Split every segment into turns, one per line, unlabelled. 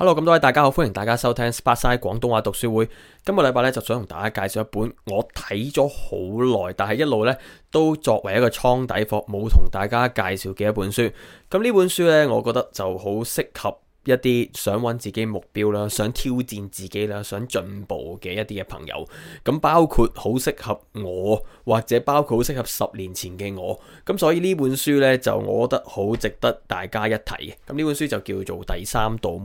hello，咁多位大家好，歡迎大家收聽 Sparksine 廣東話讀書會。今個禮拜咧，就想同大家介紹一本我睇咗好耐，但係一路咧都作為一個倉底貨，冇同大家介紹嘅一本書。咁呢本書咧，我覺得就好適合一啲想揾自己目標啦，想挑戰自己啦，想進步嘅一啲嘅朋友。咁包括好適合我，或者包括好適合十年前嘅我。咁所以呢本書咧，就我覺得好值得大家一睇嘅。咁呢本書就叫做《第三道門》。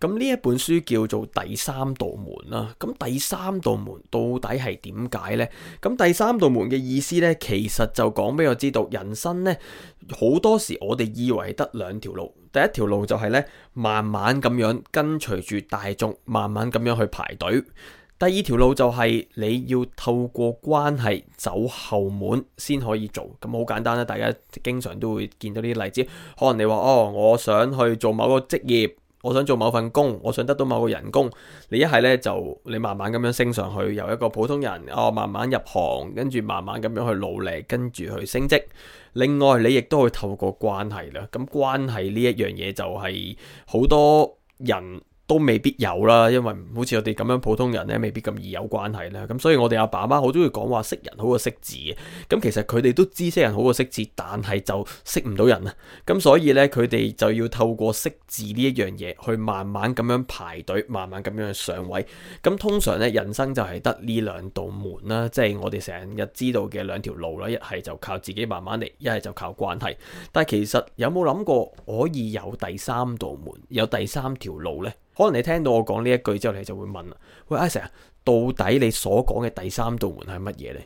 咁呢一本書叫做《第三道門》啦。咁第三道門到底係點解呢？咁第三道門嘅意思呢，其實就講俾我知道，人生呢，好多時我哋以為得兩條路。第一條路就係呢，慢慢咁樣跟隨住大眾，慢慢咁樣去排隊。第二條路就係你要透過關係走後門先可以做。咁好簡單啦，大家經常都會見到呢啲例子。可能你話哦，我想去做某個職業。我想做某份工，我想得到某個人工。你一係咧就你慢慢咁樣升上去，由一個普通人啊、哦、慢慢入行，跟住慢慢咁樣去努力，跟住去升職。另外你亦都會透過關係啦。咁關係呢一樣嘢就係好多人，都未必有啦，因為好似我哋咁樣普通人咧，未必咁易有關係咧。咁所以我哋阿爸媽好中意講話識人好過識字嘅。咁其實佢哋都知識人好過識字，但係就識唔到人啊。咁所以咧，佢哋就要透過識字呢一樣嘢去慢慢咁樣排隊，慢慢咁樣去上位。咁通常咧，人生就係得呢兩道門啦，即係我哋成日知道嘅兩條路啦。一係就靠自己慢慢嚟，一係就靠關係。但係其實有冇諗過可以有第三道門，有第三條路呢？可能你聽到我講呢一句之後，你就會問：「喂，阿成啊，到底你所講嘅第三道門係乜嘢呢？」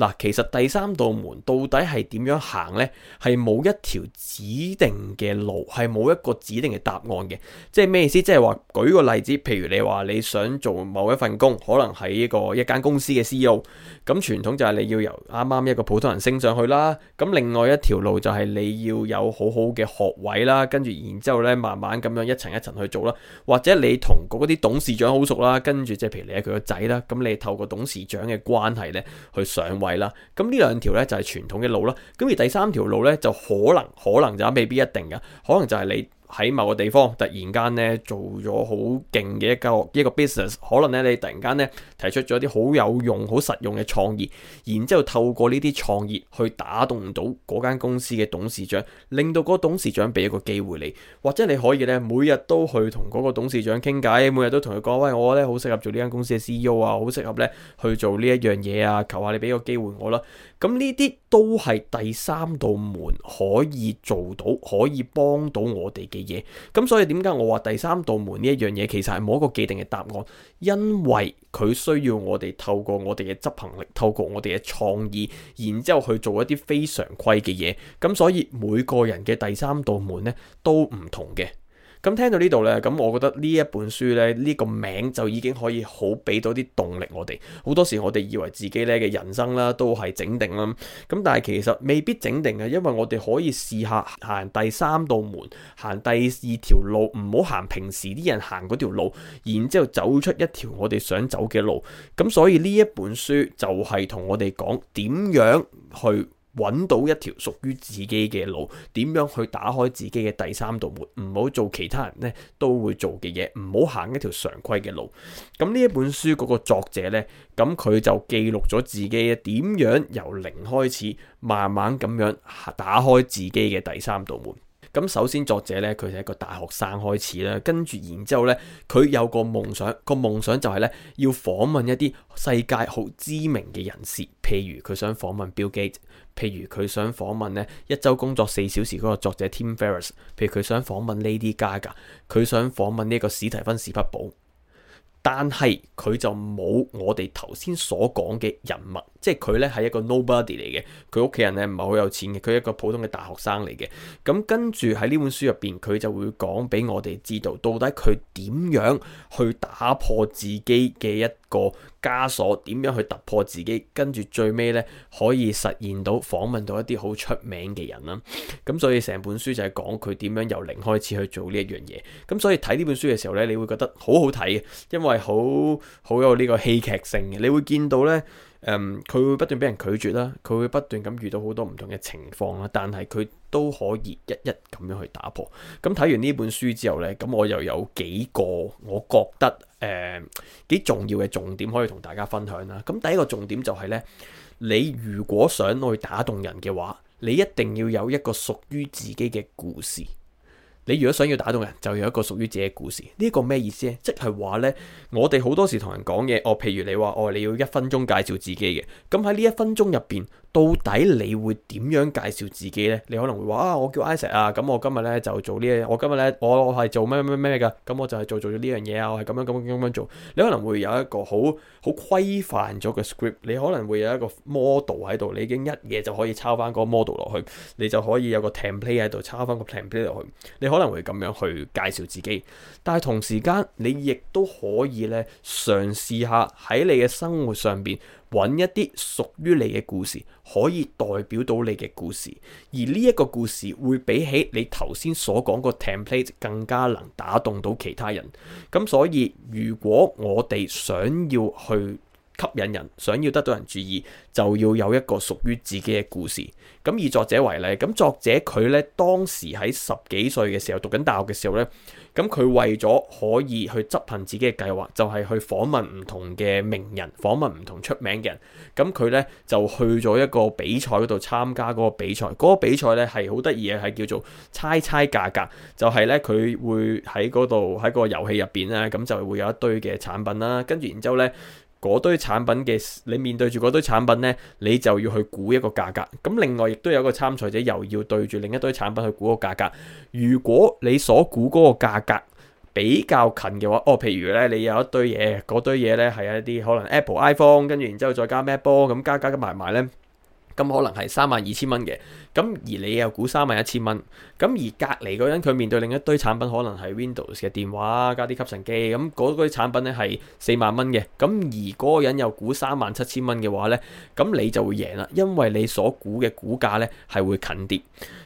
嗱，其實第三道門到底係點樣行咧？係冇一條指定嘅路，係冇一個指定嘅答案嘅。即係咩意思？即係話舉個例子，譬如你話你想做某一份工，可能係一個一間公司嘅 CEO。咁傳統就係你要由啱啱一個普通人升上去啦。咁另外一條路就係你要有好好嘅學位啦，跟住然之後咧慢慢咁樣一層一層去做啦。或者你同嗰啲董事長好熟啦，跟住即係譬如你係佢個仔啦，咁你透過董事長嘅關係咧去上位。係啦，咁呢、嗯、兩條咧就係、是、傳統嘅路啦，咁而第三條路咧就可能可能就未必一定噶，可能就係你。喺某個地方突然間咧做咗好勁嘅一個一個 business，可能咧你突然間咧提出咗啲好有用、好實用嘅創意，然之後透過呢啲創意去打動到嗰間公司嘅董事長，令到嗰個董事長俾一個機會你，或者你可以咧每日都去同嗰個董事長傾偈，每日都同佢講，喂，我咧好適合做呢間公司嘅 CEO 啊，好適合咧去做呢一樣嘢啊，求下你俾個機會我啦。咁呢啲。都係第三道門可以做到，可以幫到我哋嘅嘢。咁所以點解我話第三道門呢一樣嘢，其實係冇一個既定嘅答案，因為佢需要我哋透過我哋嘅執行力，透過我哋嘅創意，然之後去做一啲非常規嘅嘢。咁所以每個人嘅第三道門呢都唔同嘅。咁聽到呢度呢，咁我覺得呢一本書呢，呢個名就已經可以好俾到啲動力我哋。好多時我哋以為自己呢嘅人生啦，都係整定啦。咁但係其實未必整定嘅，因為我哋可以試下行第三道門，行第二條路，唔好行平時啲人行嗰條路，然之後走出一條我哋想走嘅路。咁所以呢一本書就係同我哋講點樣去，揾到一條屬於自己嘅路，點樣去打開自己嘅第三道門？唔好做其他人咧都會做嘅嘢，唔好行一條常規嘅路。咁呢一本書嗰個作者咧，咁佢就記錄咗自己點樣由零開始，慢慢咁樣打開自己嘅第三道門。咁首先作者呢，佢係一個大學生開始啦，跟住然之後呢，佢有個夢想，個夢想就係呢：要訪問一啲世界好知名嘅人士，譬如佢想訪問 Bill Gates，譬如佢想訪問呢一周工作四小時嗰個作者 Tim Ferriss，譬如佢想訪問 Lady Gaga，佢想訪問呢一個史提芬史匹堡，但係佢就冇我哋頭先所講嘅人物。即係佢咧係一個 nobody 嚟嘅，佢屋企人咧唔係好有錢嘅，佢係一個普通嘅大學生嚟嘅。咁跟住喺呢本書入邊，佢就會講俾我哋知道到底佢點樣去打破自己嘅一個枷鎖，點樣去突破自己，跟住最尾咧可以實現到訪問到一啲好出名嘅人啦。咁所以成本書就係講佢點樣由零開始去做呢一樣嘢。咁所以睇呢本書嘅時候咧，你會覺得好好睇嘅，因為好好有呢個戲劇性嘅，你會見到咧。誒、佢、嗯、會不斷俾人拒絕啦，佢會不斷咁遇到好多唔同嘅情況啦，但係佢都可以一一咁樣去打破。咁睇完呢本書之後呢，咁我又有幾個我覺得誒、呃、幾重要嘅重點可以同大家分享啦。咁第一個重點就係、是、呢：你如果想去打動人嘅話，你一定要有一個屬於自己嘅故事。你如果想要打動人，就有一個屬於自己嘅故事。呢個咩意思咧？即係話呢，我哋好多時同人講嘢，哦，譬如你話：「哦，你要一分鐘介紹自己嘅。」咁喺呢一分鐘入邊。到底你會點樣介紹自己呢？你可能會話啊，我叫 Isaac 啊，咁我今日咧就做呢，我今日咧我係做咩咩咩嘅？咁我就係做做咗呢樣嘢啊，我係咁樣咁樣咁樣做。你可能會有一個好好規範咗嘅 script，你可能會有一個 model 喺度，你已經一嘢就可以抄翻嗰 model 落去，你就可以有個 template 喺度，抄翻個 template 落去。你可能會咁樣去介紹自己，但係同時間你亦都可以咧嘗試下喺你嘅生活上邊。揾一啲屬於你嘅故事，可以代表到你嘅故事，而呢一個故事會比起你頭先所講個 template 更加能打動到其他人。咁所以，如果我哋想要去，吸引人，想要得到人注意，就要有一個屬於自己嘅故事。咁以作者為例，咁作者佢咧，當時喺十幾歲嘅時候讀緊大學嘅時候咧，咁佢為咗可以去執行自己嘅計劃，就係去訪問唔同嘅名人，訪問唔同出名嘅人。咁佢咧就去咗一個比賽嗰度參加嗰個比賽。嗰個比賽咧係好得意嘅，係叫做猜猜價格。就係咧，佢會喺嗰度喺個遊戲入邊咧，咁就會有一堆嘅產品啦，跟住然之後咧。嗰堆產品嘅，你面對住嗰堆產品呢，你就要去估一個價格。咁另外亦都有一個參賽者又要對住另一堆產品去估個價格。如果你所估嗰個價格比較近嘅話，哦，譬如呢，你有一堆嘢，嗰堆嘢呢係一啲可能 Apple iPhone，跟住然之後再加 MacBook，咁加加加埋埋呢。咁可能係三萬二千蚊嘅，咁而你又估三萬一千蚊，咁而隔離嗰人佢面對另一堆產品，可能係 Windows 嘅電話加啲吸塵機，咁嗰堆產品咧係四萬蚊嘅，咁而嗰個人又估三萬七千蚊嘅話咧，咁你就會贏啦，因為你所估嘅股價咧係會近啲。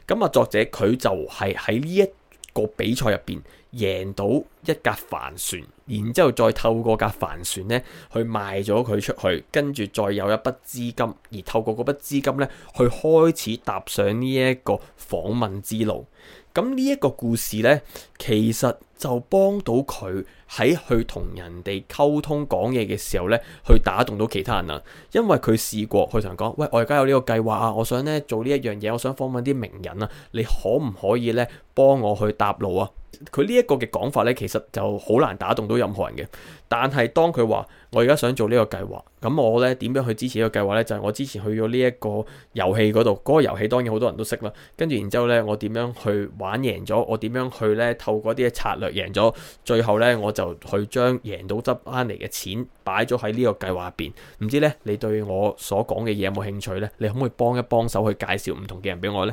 咁啊，作者佢就係喺呢一個比賽入邊。贏到一架帆船，然之後再透過架帆船咧去賣咗佢出去，跟住再有一筆資金，而透過嗰筆資金咧去開始踏上呢一個訪問之路。咁呢一個故事咧。其實就幫到佢喺去同人哋溝通講嘢嘅時候呢，去打動到其他人啦。因為佢試過去同人講，喂，我而家有呢個計劃啊，我想呢做呢一樣嘢，我想訪問啲名人啊，你可唔可以呢幫我去搭路啊？佢呢一個嘅講法呢，其實就好難打動到任何人嘅。但係當佢話我而家想做呢個計劃，咁我呢點樣去支持呢個計劃呢？就係我之前去咗呢一個遊戲嗰度，嗰個遊戲當然好多人都識啦。跟住然之後呢，我點樣去玩贏咗？我點樣去呢？嗰啲策略贏咗，最後呢，我就去將贏到執翻嚟嘅錢擺咗喺呢個計劃入邊。唔知呢，你對我所講嘅嘢有冇興趣呢？你可唔可以幫一幫手去介紹唔同嘅人俾我呢？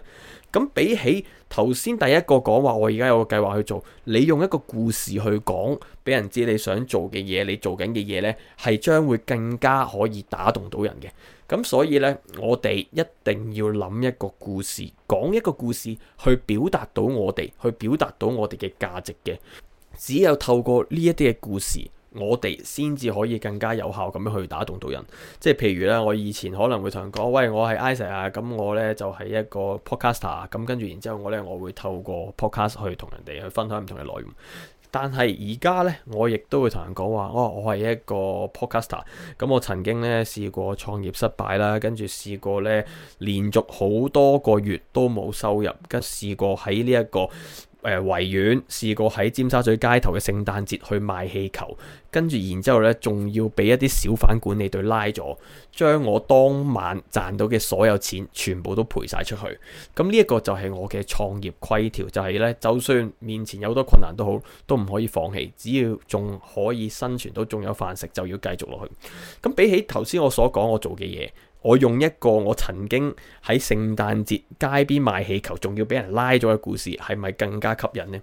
咁比起頭先第一個講話，我而家有個計劃去做，你用一個故事去講，俾人知你想做嘅嘢，你做緊嘅嘢呢，係將會更加可以打動到人嘅。咁所以呢，我哋一定要諗一個故事，講一個故事去表達到我哋，去表達到我哋嘅價值嘅。只有透過呢一啲嘅故事。我哋先至可以更加有效咁樣去打動到人，即係譬如呢，我以前可能會同人講，喂，我係 Isa 啊，咁我呢就係、是、一個 Podcaster 啊，咁跟住然之後我呢，我會透過 Podcast 去同人哋去分享唔同嘅內容。但係而家呢，我亦都會同人講話，哦，我係一個 Podcaster，咁、啊、我曾經呢試過創業失敗啦，跟住試過呢連續好多個月都冇收入，跟試過喺呢一個。誒、維園試過喺尖沙咀街頭嘅聖誕節去賣氣球，跟住然之後呢，仲要俾一啲小販管理隊拉咗，將我當晚賺到嘅所有錢全部都賠晒出去。咁呢一個就係我嘅創業規條，就係呢：就算面前有多困難都好，都唔可以放棄，只要仲可以生存到，仲有飯食，就要繼續落去。咁比起頭先我所講我做嘅嘢，我用一個我曾經喺聖誕節街邊賣氣球，仲要俾人拉咗嘅故事，係咪更加吸引呢？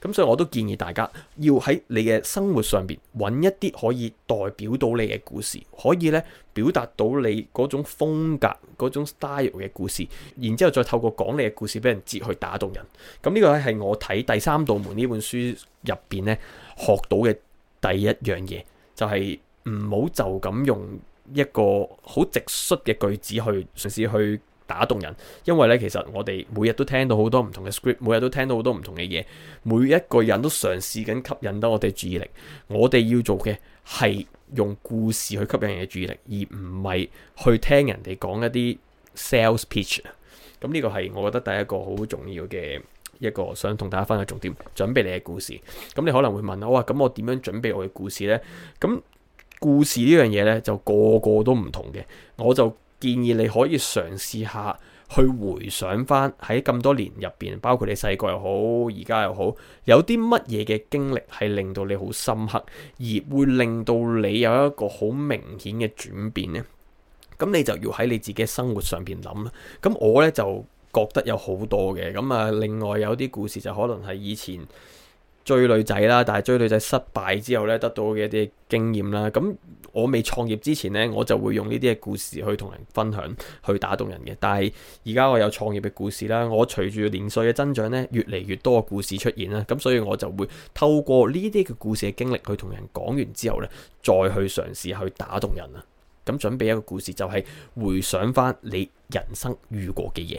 咁所以我都建議大家要喺你嘅生活上邊揾一啲可以代表到你嘅故事，可以咧表達到你嗰種風格、嗰種 style 嘅故事，然之後再透過講你嘅故事俾人接去打動人。咁呢個係我睇《第三道門》呢本書入邊咧學到嘅第一樣嘢，就係唔好就咁用。一個好直率嘅句子去嘗試去打動人，因為咧其實我哋每日都聽到好多唔同嘅 script，每日都聽到好多唔同嘅嘢，每一個人都嘗試緊吸引到我哋注意力。我哋要做嘅係用故事去吸引人嘅注意力，而唔係去聽人哋講一啲 sales pitch。咁、嗯、呢、呢個係我覺得第一個好重要嘅一個想同大家分享重點。準備你嘅故事，咁、嗯、你可能會問我話：咁、嗯、我點樣準備我嘅故事呢？嗯、咁故事呢樣嘢呢，就個個都唔同嘅。我就建議你可以嘗試下去回想返喺咁多年入邊，包括你細個又好，而家又好，有啲乜嘢嘅經歷係令到你好深刻，而會令到你有一個好明顯嘅轉變咧。咁你就要喺你自己生活上邊諗啦。咁我呢，就覺得有好多嘅。咁啊，另外有啲故事就可能係以前，追女仔啦，但係追女仔失敗之後咧，得到嘅一啲經驗啦。咁我未創業之前咧，我就會用呢啲嘅故事去同人分享，去打動人嘅。但係而家我有創業嘅故事啦，我隨住年歲嘅增長咧，越嚟越多嘅故事出現啦。咁所以我就會透過呢啲嘅故事嘅經歷去同人講完之後咧，再去嘗試去打動人啊。咁準備一個故事，就係回想翻你人生遇過嘅嘢。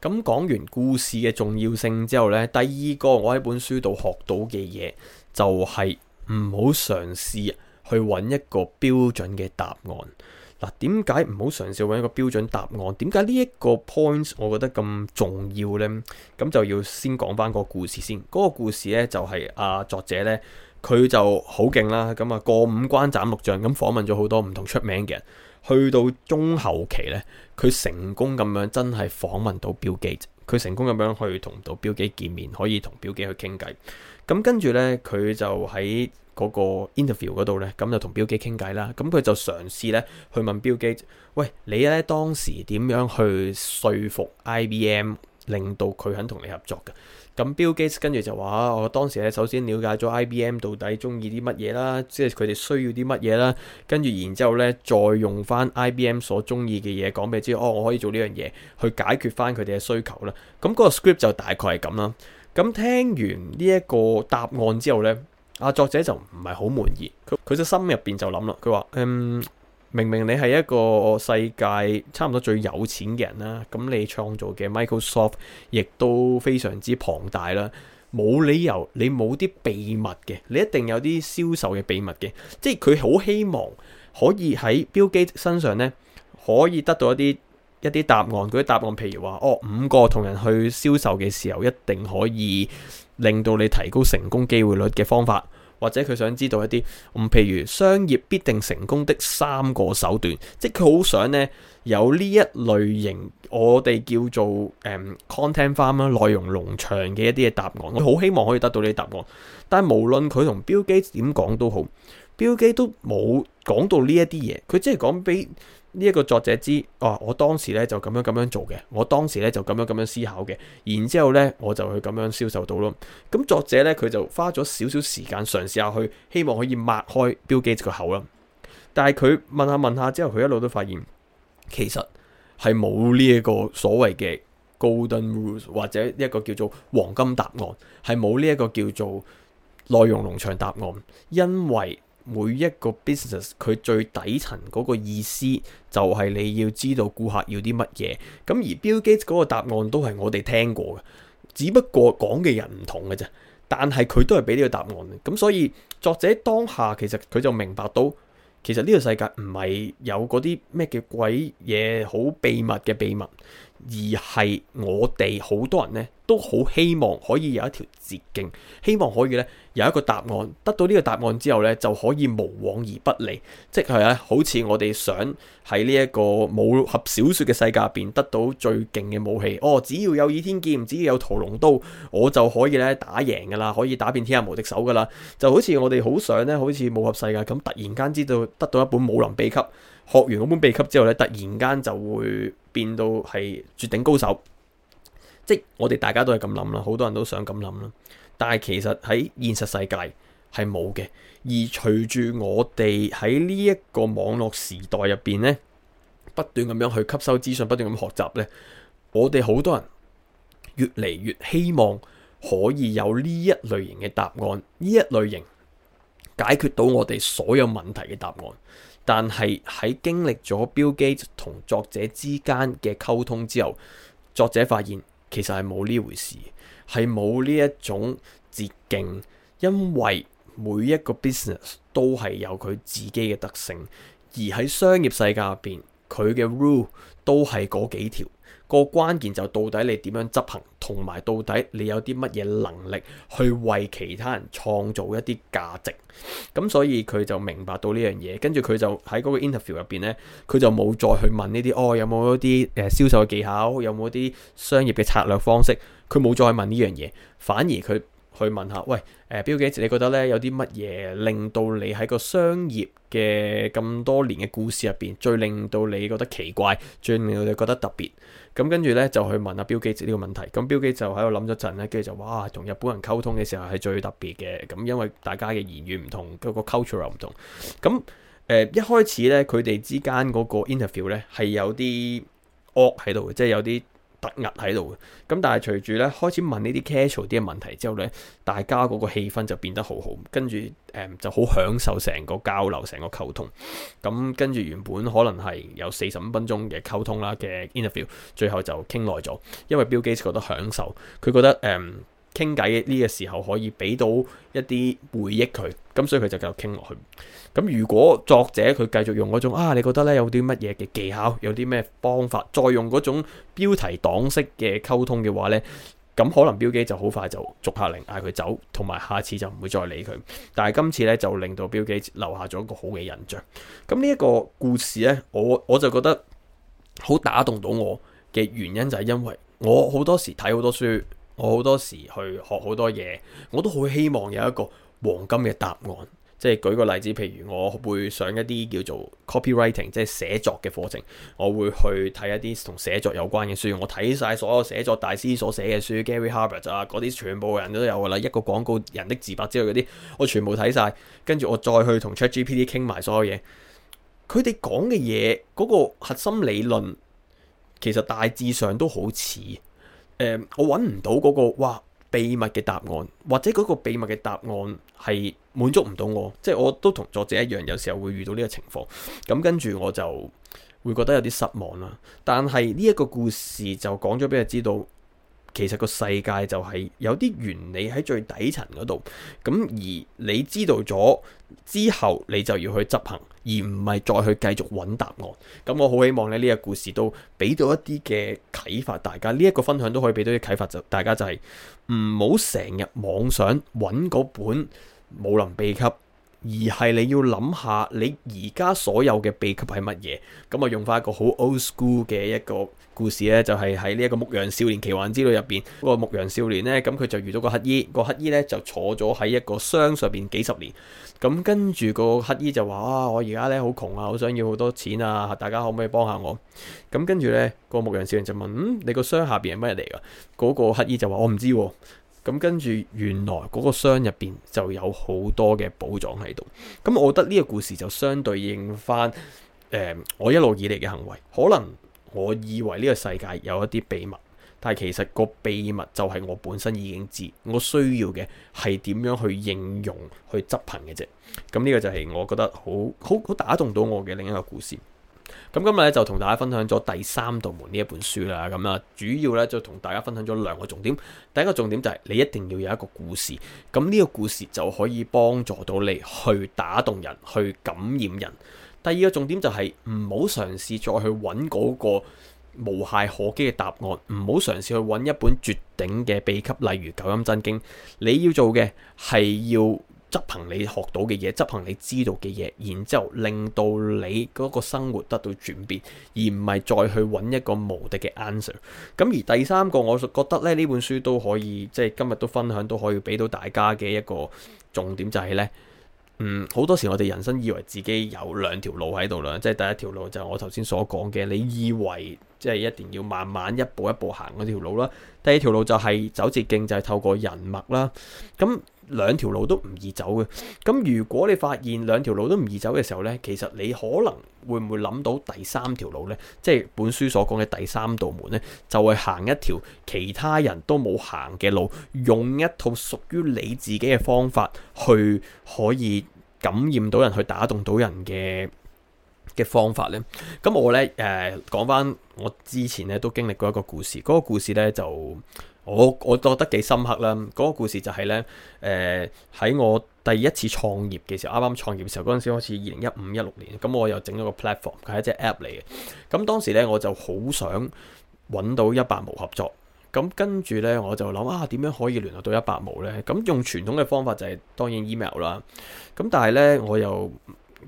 咁講完故事嘅重要性之後呢，第二個我喺本書度學到嘅嘢就係唔好嘗試去揾一個標準嘅答案。嗱、啊，點解唔好嘗試揾一個標準答案？點解呢一個 point 我覺得咁重要呢？咁就要先講翻個故事先。嗰、那個故事呢，就係、是、阿、啊、作者呢，佢就好勁啦。咁啊，過五關斬六將，咁訪問咗好多唔同出名嘅人。去到中後期呢，佢成功咁樣真係訪問到 Bill Gates，佢成功咁樣去同到 Bill Gates 見面，可以同 Bill Gates 去傾偈。咁跟住呢，佢就喺嗰個 interview 嗰度呢，咁就同 Bill Gates 傾偈啦。咁佢就嘗試呢去問 Bill Gates：「喂，你呢當時點樣去說服 IBM，令到佢肯同你合作嘅？咁 Bill Gates 跟住就話：我當時咧首先了解咗 IBM 到底中意啲乜嘢啦，即係佢哋需要啲乜嘢啦，跟住然之後咧再用翻 IBM 所中意嘅嘢講俾佢知，哦，我可以做呢樣嘢去解決翻佢哋嘅需求啦。咁嗰個 script 就大概係咁啦。咁聽完呢一個答案之後咧，阿作者就唔係好滿意，佢佢嘅心入邊就諗啦，佢話：嗯。明明你係一個世界差唔多最有錢嘅人啦，咁你創造嘅 Microsoft 亦都非常之龐大啦，冇理由你冇啲秘密嘅，你一定有啲銷售嘅秘密嘅，即係佢好希望可以喺標基身上呢，可以得到一啲一啲答案，嗰啲答案譬如話，哦五個同人去銷售嘅時候，一定可以令到你提高成功機會率嘅方法。或者佢想知道一啲咁，譬如商業必定成功的三個手段，即係佢好想呢，有呢一類型，我哋叫做、嗯、content farm 啦，內容農場嘅一啲嘅答案。我好希望可以得到呢啲答案，但係無論佢同 Bill Gates 點講都好，Bill Gates 都冇講到呢一啲嘢，佢即係講俾。呢一個作者知，啊，我當時咧就咁樣咁樣做嘅，我當時咧就咁樣咁樣思考嘅，然之後咧我就去咁樣銷售到咯。咁作者咧佢就花咗少少時間嘗試下去，希望可以擘開 Bill Gates 嘅口啦。但係佢問下問下之後，佢一路都發現，其實係冇呢一個所謂嘅 golden rules 或者一個叫做黃金答案，係冇呢一個叫做內容農場答案，因為。每一個 business 佢最底層嗰個意思，就係你要知道顧客要啲乜嘢。咁而 Bill Gates 嗰個答案都係我哋聽過嘅，只不過講嘅人唔同嘅啫。但係佢都係俾呢個答案。咁所以作者當下其實佢就明白到，其實呢個世界唔係有嗰啲咩叫鬼嘢好秘密嘅秘密。而係我哋好多人呢，都好希望可以有一條捷徑，希望可以呢，有一個答案。得到呢個答案之後呢，就可以無往而不利。即係呢，好似我哋想喺呢一個武俠小説嘅世界入邊，得到最勁嘅武器。哦，只要有倚天劍，只要有屠龍刀，我就可以呢，打贏㗎啦，可以打遍天下無敵手㗎啦。就好似我哋好想呢，好似武俠世界咁，突然間知道得到一本武林秘笈。學完嗰本秘笈之後咧，突然間就會變到係絕頂高手，即我哋大家都係咁諗啦，好多人都想咁諗啦，但係其實喺現實世界係冇嘅。而隨住我哋喺呢一個網絡時代入邊咧，不斷咁樣去吸收資訊，不斷咁學習咧，我哋好多人越嚟越希望可以有呢一類型嘅答案，呢一類型解決到我哋所有問題嘅答案。但係喺經歷咗 Bill Gates 同作者之間嘅溝通之後，作者發現其實係冇呢回事，係冇呢一種捷徑，因為每一個 business 都係有佢自己嘅特性，而喺商業世界入邊，佢嘅 rule 都係嗰幾條。個關鍵就到底你點樣執行，同埋到底你有啲乜嘢能力去為其他人創造一啲價值。咁所以佢就明白到呢樣嘢，跟住佢就喺嗰個 interview 入邊呢，佢就冇再去問呢啲哦，有冇一啲誒、呃、銷售嘅技巧，有冇啲商業嘅策略方式，佢冇再去問呢樣嘢，反而佢，去問下，喂，誒標記，Gates，你覺得咧有啲乜嘢令到你喺個商業嘅咁多年嘅故事入邊，最令到你覺得奇怪，最令到你覺得特別？咁跟住咧就去問下標記呢個問題。咁標記就喺度諗咗陣咧，跟住就哇，同日本人溝通嘅時候係最特別嘅。咁因為大家嘅言語唔同，嗰個 culture 又唔同。咁誒、呃，一開始咧佢哋之間嗰個 interview 咧係有啲惡喺度，即係有啲突壓喺度嘅，咁但係隨住咧開始問呢啲 casual 啲嘅問題之後咧，大家嗰個氣氛就變得好好，跟住誒、嗯、就好享受成個交流、成個溝通。咁、嗯、跟住原本可能係有四十五分鐘嘅溝通啦嘅 interview，最後就傾耐咗，因為 Bill Gates 覺得享受，佢覺得誒，嗯傾偈呢個時候可以俾到一啲回憶佢，咁所以佢就繼續傾落去。咁如果作者佢繼續用嗰種啊，你覺得咧有啲乜嘢嘅技巧，有啲咩方法，再用嗰種標題黨式嘅溝通嘅話呢，咁可能標記就好快就逐客令嗌佢走，同埋下次就唔會再理佢。但係今次呢，就令到標記留下咗一個好嘅印象。咁呢一個故事呢，我我就覺得好打動到我嘅原因就係因為我好多時睇好多書。我好多時去學好多嘢，我都好希望有一個黃金嘅答案。即係舉個例子，譬如我會上一啲叫做 copywriting，即係寫作嘅課程，我會去睇一啲同寫作有關嘅書。我睇晒所有寫作大師所寫嘅書，Gary Halbert 啊，嗰啲全部人都有噶啦。一個廣告人的自白之類嗰啲，我全部睇晒。跟住我再去同 ChatGPT 傾埋所有嘢，佢哋講嘅嘢嗰個核心理論，其實大致上都好似。誒、嗯，我揾唔到嗰、那個哇秘密嘅答案，或者嗰個秘密嘅答案係滿足唔到我，即、就、係、是、我都同作者一樣，有時候會遇到呢個情況。咁跟住我就會覺得有啲失望啦。但係呢一個故事就講咗俾佢知道，其實個世界就係有啲原理喺最底層嗰度。咁而你知道咗之後，你就要去執行。而唔係再去繼續揾答案，咁我好希望咧呢個故事都俾到一啲嘅啟發，大家呢一個分享都可以俾到啲啟發，就大家就係唔好成日妄想揾嗰本武林秘笈。而係你要諗下，你而家所有嘅秘笈係乜嘢？咁啊，用返一個好 old school 嘅一個故事呢就係喺呢一個牧羊少年奇幻之旅入邊，嗰個牧羊少年呢，咁佢就遇到個乞兒。嗰個乞兒呢就坐咗喺一個箱上邊幾十年。咁跟住個乞兒就話：啊，我而家呢好窮啊，好想要好多錢啊，大家可唔可以幫下我？咁跟住呢，嗰個牧羊少年就問：嗯，你個箱下邊係乜嘢嚟㗎？嗰個乞兒就話：我唔知啊。咁跟住，原來嗰個箱入邊就有好多嘅寶藏喺度。咁我覺得呢個故事就相對應翻，誒、呃，我一路以嚟嘅行為。可能我以為呢個世界有一啲秘密，但係其實個秘密就係我本身已經知，我需要嘅係點樣去應用去執行嘅啫。咁呢個就係我覺得好好好打動到我嘅另一個故事。咁今日咧就同大家分享咗第三道門呢一本書啦，咁啊，主要咧就同大家分享咗兩個重點。第一個重點就係你一定要有一個故事，咁呢個故事就可以幫助到你去打動人，去感染人。第二個重點就係唔好嘗試再去揾嗰個無懈可擊嘅答案，唔好嘗試去揾一本絕頂嘅秘笈，例如《九陰真經》。你要做嘅係要，執行你學到嘅嘢，執行你知道嘅嘢，然之後令到你嗰個生活得到轉變，而唔係再去揾一個無敵嘅 answer。咁而第三個，我覺得咧呢本書都可以，即係今日都分享都可以俾到大家嘅一個重點就係、是、呢。嗯，好多時我哋人生以為自己有兩條路喺度啦，即係第一條路就係我頭先所講嘅，你以為即係一定要慢慢一步一步行嗰條路啦，第二條路就係走捷徑，就係、是、透過人脈啦，咁、嗯。兩條路都唔易走嘅，咁如果你發現兩條路都唔易走嘅時候呢，其實你可能會唔會諗到第三條路呢？即係本書所講嘅第三道門呢，就係、是、行一條其他人都冇行嘅路，用一套屬於你自己嘅方法去可以感染到人，去打動到人嘅嘅方法呢。咁我呢誒講返我之前呢都經歷過一個故事，嗰、那個故事呢就。我我覺得幾深刻啦！嗰、那個故事就係、是、呢，誒、呃、喺我第一次創業嘅時候，啱啱創業嘅時候，嗰陣時開始二零一五一六年，咁我又整咗個 platform，佢係一隻 app 嚟嘅。咁當時呢，我就好想揾到一百毛合作，咁跟住呢，我就諗啊，點樣可以聯絡到一百毛呢？咁用傳統嘅方法就係、是、當然 email 啦。咁但係呢，我又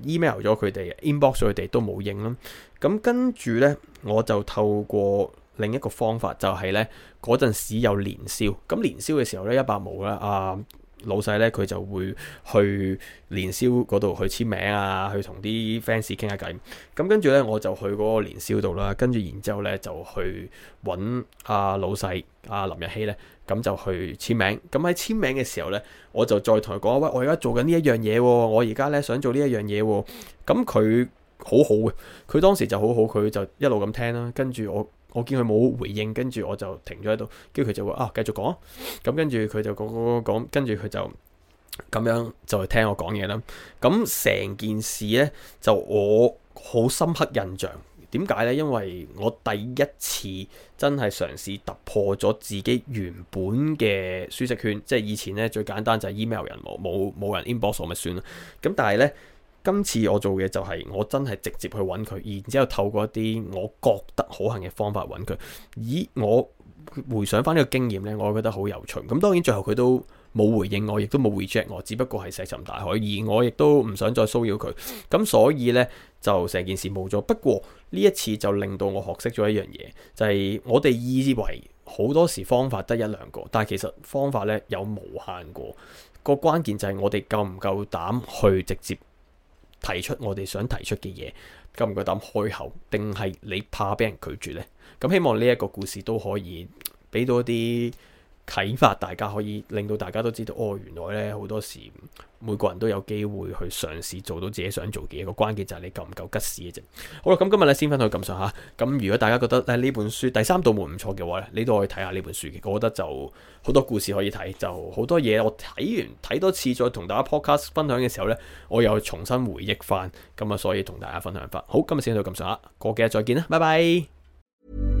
email 咗佢哋，inbox 咗佢哋都冇應啦。咁跟住呢，我就透過。另一個方法就係呢，嗰陣時有年宵。咁年宵嘅時候呢，一百毛啦。阿老細呢，佢、啊、就會去年宵嗰度去簽名啊，去同啲 fans 傾下偈。咁跟住呢，我就去嗰個年宵度啦，跟住然之後呢，就去揾阿、啊、老細阿、啊、林日曦呢，咁就去簽名。咁喺簽名嘅時候呢，我就再同佢講：喂，我而家做緊呢一樣嘢，我而家呢想做呢一樣嘢。咁佢好好嘅，佢當時就好好，佢就一路咁聽啦。跟住我。我見佢冇回應，跟住我就停咗喺度。跟住佢就話：啊，繼續講。咁跟住佢就講講講講，跟住佢就咁樣就會聽我講嘢啦。咁成件事呢，就我好深刻印象。點解呢？因為我第一次真係嘗試突破咗自己原本嘅舒適圈，即係以前呢，最簡單就係 email 人，冇冇冇人 inbox 我咪算咯。咁但係呢，今次我做嘅就係我真係直接去揾佢，然之後透過一啲我覺得可行嘅方法揾佢。而我回想翻呢個經驗呢，我覺得好有趣。咁當然最後佢都冇回應我，亦都冇 reject 我，只不過係石沉大海。而我亦都唔想再騷擾佢。咁所以呢，就成件事冇咗。不過呢一次就令到我學識咗一樣嘢，就係我哋以為好多時方法得一兩個，但係其實方法呢有無限個。個關鍵就係我哋夠唔夠膽去直接。提出我哋想提出嘅嘢，夠唔夠膽開口，定係你怕俾人拒絕呢？咁希望呢一個故事都可以俾多啲。啟發大家可以令到大家都知道，哦，原來呢，好多時每個人都有機會去嘗試做到自己想做嘅，一個關鍵就係你夠唔夠吉士嘅啫。好啦，咁今日呢，先分享到咁上下。咁如果大家覺得呢本書第三道門唔錯嘅話呢，你都可以睇下呢本書嘅。我覺得就好多故事可以睇，就好多嘢。我睇完睇多次再同大家 podcast 分享嘅時候呢，我又重新回憶翻。咁啊，所以同大家分享翻。好，今日先到咁上下，過幾日再見啦，拜拜。